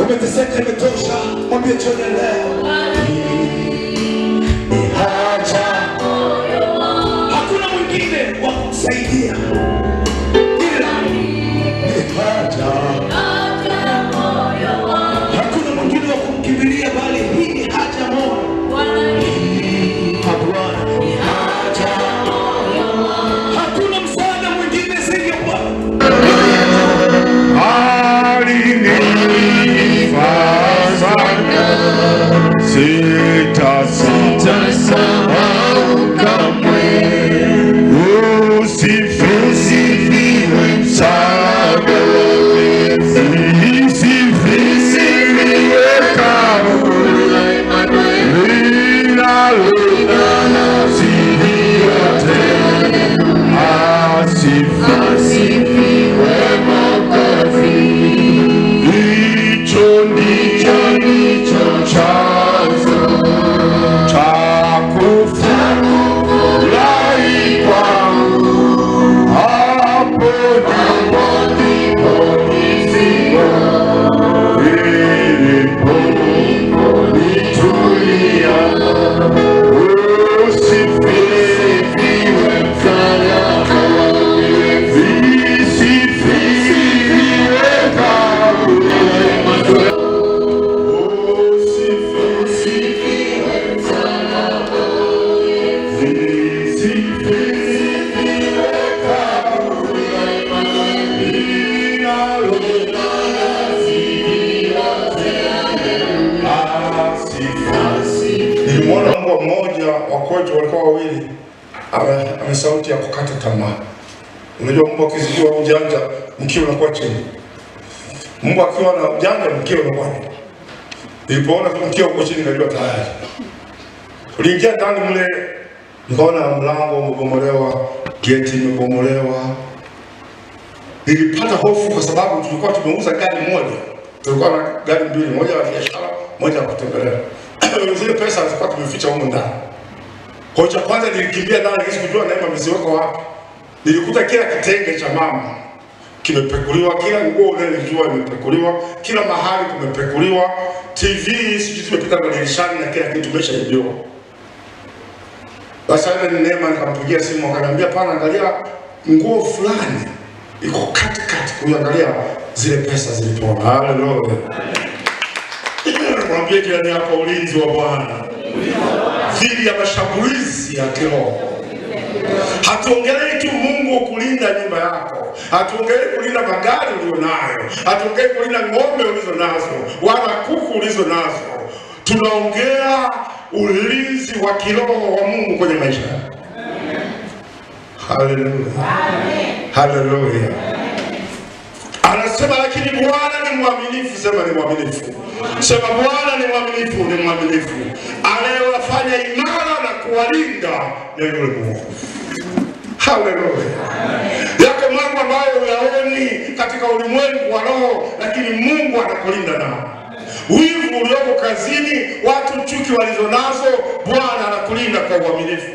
Umeteseka imetosha, mwambie hakuna mwingine wa kukusaidia. us. sauti ya kukata tamaa. Unajua mbwa akizidiwa ujanja mkia unakuwa chini. Mbwa akiwa na ujanja mkia unakuwa chini. Nilipoona mkia uko chini najua tayari. Uliingia ndani mle nikaona mlango umebomolewa, geti imebomolewa. Nilipata hofu kwa sababu tulikuwa tumeuza gari moja. Tulikuwa na gari mbili, moja ya biashara, moja ya kutembelea. Zile pesa zilikuwa tumeficha huko ndani. Kwa cha kwanza nilikimbia ndani hizo kujua Neema ameziweka wapi. Nilikuta kila kitenge cha mama kimepekuliwa, kila nguo unayojua imepekuliwa, kila mahali kumepekuliwa. TV sisi tumepita madirishani na kila kitu tumeshajua. Basi ile Neema nikampigia simu akaniambia, pana angalia nguo fulani iko katikati kuangalia zile pesa zilipona. Haleluya. Mwambie jirani yako ulinzi wa Bwana ajili ya mashambulizi ya kiroho. Hatuongelei tu Mungu kulinda nyumba yako, hatuongelei kulinda magari ulionayo, hatuongelei kulinda ng'ombe ulizo nazo, wala kuku ulizo nazo. Tunaongea ulinzi wa kiroho wa Mungu kwenye maisha yako. Haleluya, haleluya. Anasema lakini Bwana ni mwaminifu. Sema ni mwaminifu. Sema Bwana ni mwaminifu, ni mwaminifu anayewafanya imara na kuwalinda na yule Mungu. Haleluya! Yako mambo ambayo uyaoni katika ulimwengu wa roho, lakini Mungu anakulinda nao. Wivu ulioko kazini, watu chuki walizonazo, Bwana anakulinda kwa uaminifu.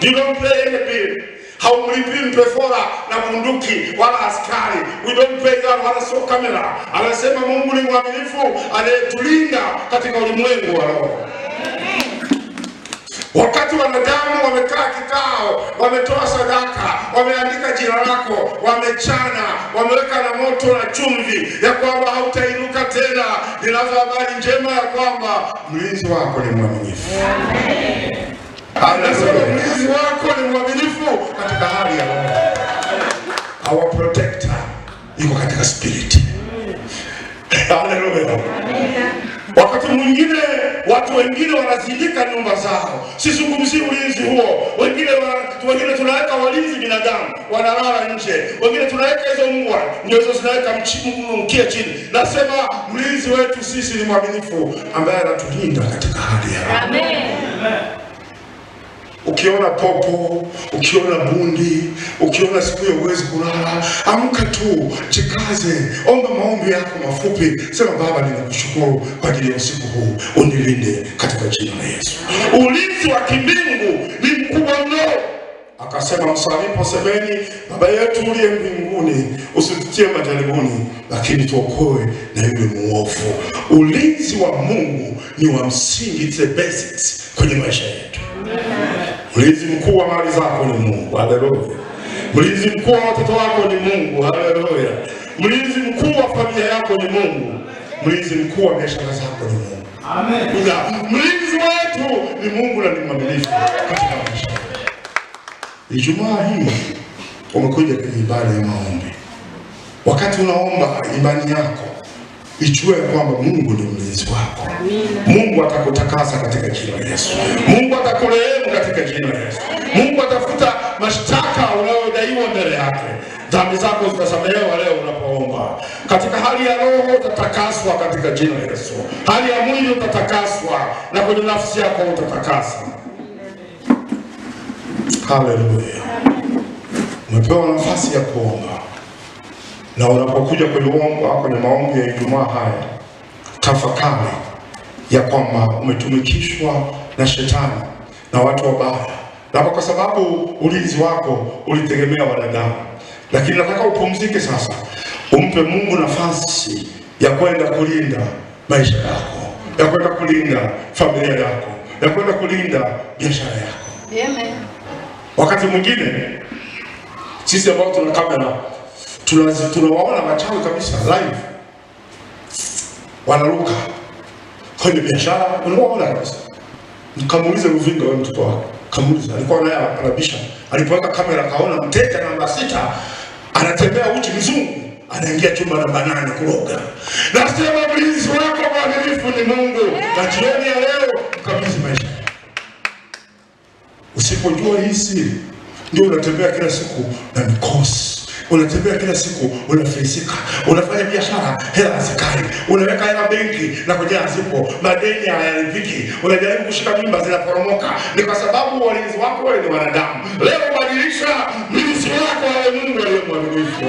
You don't play any bill. Haumlipi mpefora na bunduki wala askari. We don't that wala so kamera. Anasema Mungu ni mwaminifu anayetulinda katika ulimwengu wa roho. Wakati wanadamu wamekaa kikao, wametoa sadaka, wameandika jina lako, wamechana, wameweka na moto na chumvi ya kwamba hautainuka tena, ninazo habari njema ya kwamba mlinzi wako ni mwaminifu. Anasema mlinzi wako Sizungumzii ulinzi huo. Wengine wa, wengine tunaweka walinzi binadamu wanalala nje, wengine tunaweka hizo mbwa ndio hizo zinaweka mkia chini. Nasema mlinzi wetu sisi ni mwaminifu, ambaye anatulinda katika hali ya Ukiona popo, ukiona bundi, ukiona siku ya uwezi kulala, amka tu, jikaze, omba maombi yako mafupi, sema Baba, ninakushukuru kwa ajili ya usiku huu, unilinde katika jina la Yesu. Ulinzi wa kimbingu ni mkubwa mno. Akasema msalipo, semeni Baba yetu uliye mbinguni, usitutie majaribuni, lakini tuokoe na yule muovu. Ulinzi wa Mungu ni wa msingi, the basics kwenye maisha yetu. Mlinzi mkuu wa mali zako ni Mungu. Haleluya. Mlinzi mkuu wa watoto wako ni Mungu. Haleluya. Mlinzi mkuu wa familia yako ni Mungu. Mlinzi mkuu wa biashara zako ni Mungu. Amen. Mlinzi wetu ni Mungu na ni mwaminifu katika maisha. Ijumaa hii umekuja kwenye ibada ya maombi. Wakati unaomba imani yako Ijue kwamba Mungu ni mlezi wako. Mungu atakutakasa katika jina la Yesu. Mungu atakurehemu katika jina la Yesu. Mungu atafuta mashtaka unayodaiwa mbele yake. Dhambi zako zitasamehewa leo unapoomba. Katika hali ya roho utatakaswa katika jina la Yesu. Hali ya mwili utatakaswa na kwenye nafsi yako utatakasa. Haleluya. Umepewa nafasi ya kuomba. Na unapokuja kwenye uongo kwenye maombi ya Ijumaa haya, tafakari ya kwamba umetumikishwa na shetani na watu wabaya, na kwa sababu ulinzi wako ulitegemea wanadamu, lakini nataka upumzike sasa, umpe Mungu nafasi ya kwenda kulinda maisha yako, ya kwenda kulinda familia yako, ya kwenda kulinda biashara yako. Amen. Wakati mwingine sisi ambao tuna kamera tunawaona wachawi kabisa live wanaruka kwenye biashara, unaona kabisa. Nikamuuliza Ruvinga, wewe mtoto wako kamuuliza, alikuwa naye anabisha, alipoweka kamera kaona mteja namba sita anatembea uchi mzungu anaingia chumba namba nane kuroga. Nasema mlinzi wako mwadilifu ni Mungu, na jioni ya leo kabisa maisha. Usipojua hii siri, ndio unatembea kila siku na mikosi unatembea kila siku, unafilisika, unafanya biashara, hela hazikai, unaweka hela benki na kujaa hazipo, madeni hayalipiki, unajaribu kushika mimba zinaporomoka. Ni kwa sababu walinzi wako wewe ni wanadamu. Leo badilisha mlinzi wako wa Mungu aliye mwaminifu.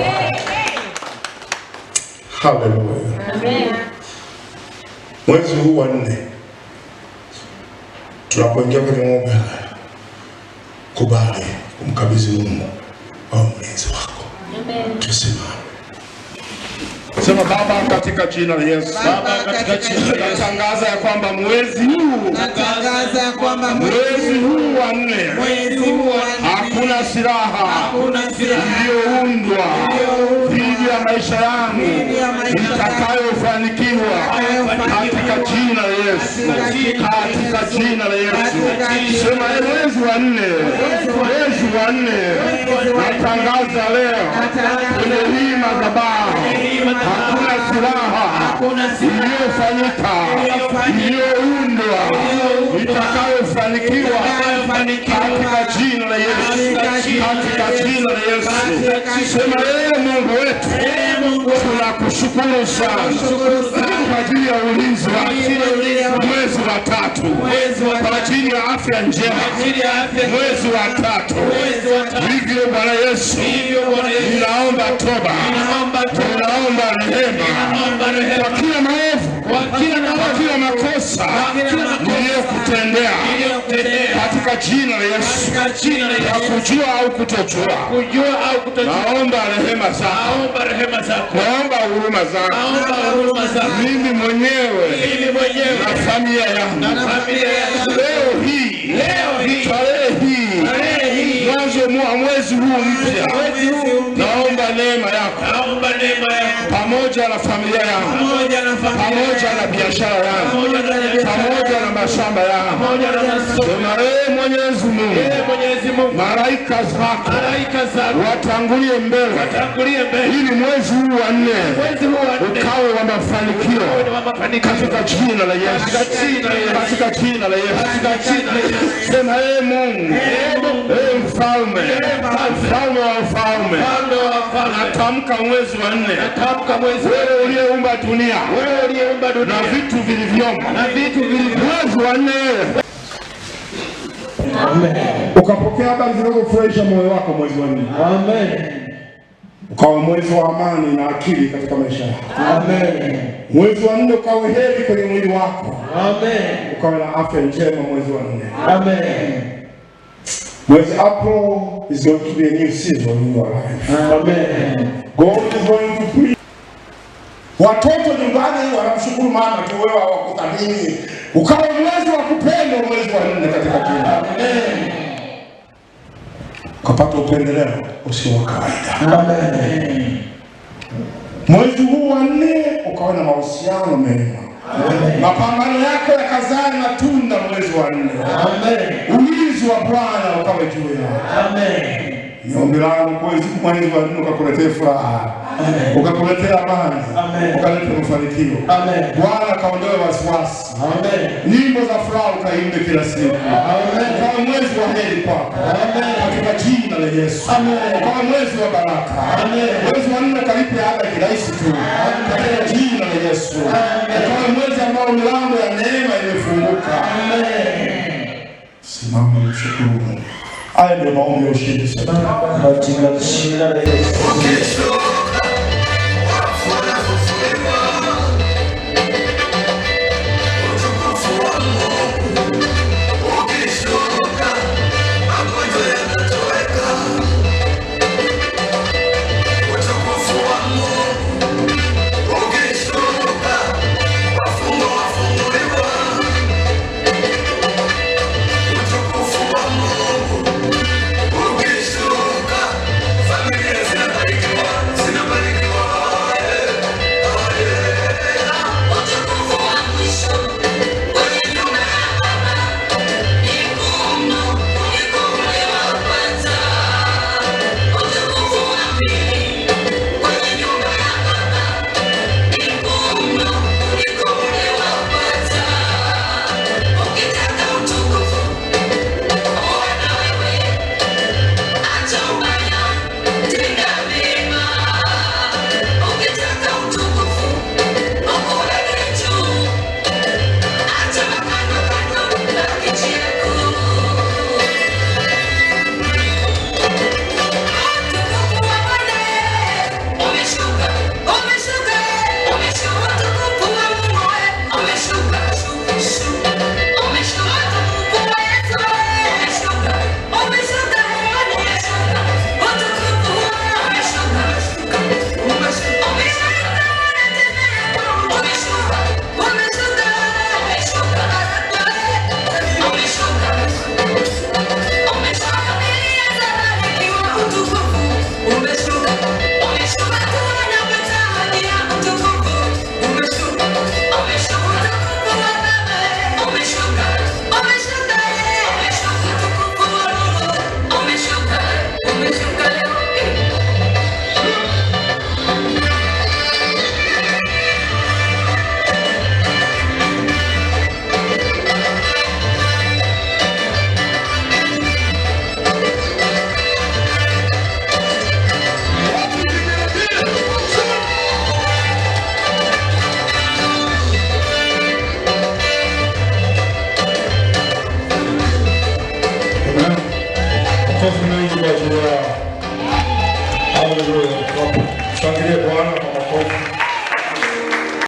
Haleluya, amen. Mwezi huu wa nne tunapoingia kwenye mwaka, kubali kumkabidhi Mungu au mlinzi wako Tusimame. Sema Baba, katika jina la Yesu. Baba, katika jina la Yesu. Natangaza ya kwamba mwezi huu, natangaza ya kwamba mwezi huu wa nne, mwezi huu wa nne, hakuna silaha, hakuna silaha iliyoundwa dhidi ya maisha yangu itakayofanikiwa katika jina la Yesu, katika jina la Yesu. Sema mwezi wa nne, mwezi wa nne natangaza leo kwenye hii madhabahu hakuna silaha iliyofanyika iliyoundwa itakayofanikiwa katika jina la Yesu, katika jina la Yesu. Sema yeye ee Mungu wetu, tunakushukuru sana kwa ajili ya ulinzi mwezi wa tatu, kwa ajili ya afya njema mwezi wa tatu. Hivyo Bwana Yesu, ninaomba toba, ninaomba rehema kwa kila kila makosa niliyokutendea katika jina la Yesu, ya kujua au kutojua, naomba rehema zako, naomba huruma zako, mimi mwenyewe na familia yangu leo hii, tarehe hii mwanzo wa mwezi huu mpya, naomba neema yako pamoja na familia yangu, pamoja na biashara yangu, pamoja na mashamba yangu, na ee, ee Mwenyezi Mungu, malaika zako watangulie mbele, ili mwezi huu wa nne ukawe wa mafanikio katika jina la Yesu, katika jina la Yesu. Sema ee Mungu ee ufalme, mfalme wa ufalme. Natamka mwezi wa nne, wewe uliyeumba dunia na vitu vilivyomo, mwezi wa nne ukapokea habari zinazofurahisha moyo wako mwezi wa nne. Amen ukawa mwezi wa amani na akili katika maisha yako. Amen. Mwezi wa nne ukawe heri kwenye mwili wako. Amen. Ukawe na afya njema mwezi wa nne. Amen. Because April is going to be a new season in your life. Amen. God is going to preach. Watoto nyumbani wanamshukuru mama tu, wewe hawakuthamini. Ukawa mwezi wa kupendwa, mwezi wa nne katika jina. Amen. Kapata upendeleo usio wa kawaida. Amen. Mwezi huu wa nne ukawa na mahusiano mema mapambano yako yakazaa matunda mwezi wa nne. Ulinzi wa Bwana ukawe juu yako. Amen ni ombi langu kweli siku mwezi wa nne ukakuletea furaha, ukakuletea amani, ukaleta mafanikio. Bwana kaondoe wasiwasi, nyimbo za furaha ukaimbe kila siku, kawa mwezi wa heri kwako katika jina la Yesu, kawa mwezi wa baraka. Mwezi wa nne kalipe ada kirahisi tu katika jina la Yesu, kawa mwezi ambao milango ya neema imefunguka. Simama, mshukuru Mungu. Haya ndio maombi ya ushindi.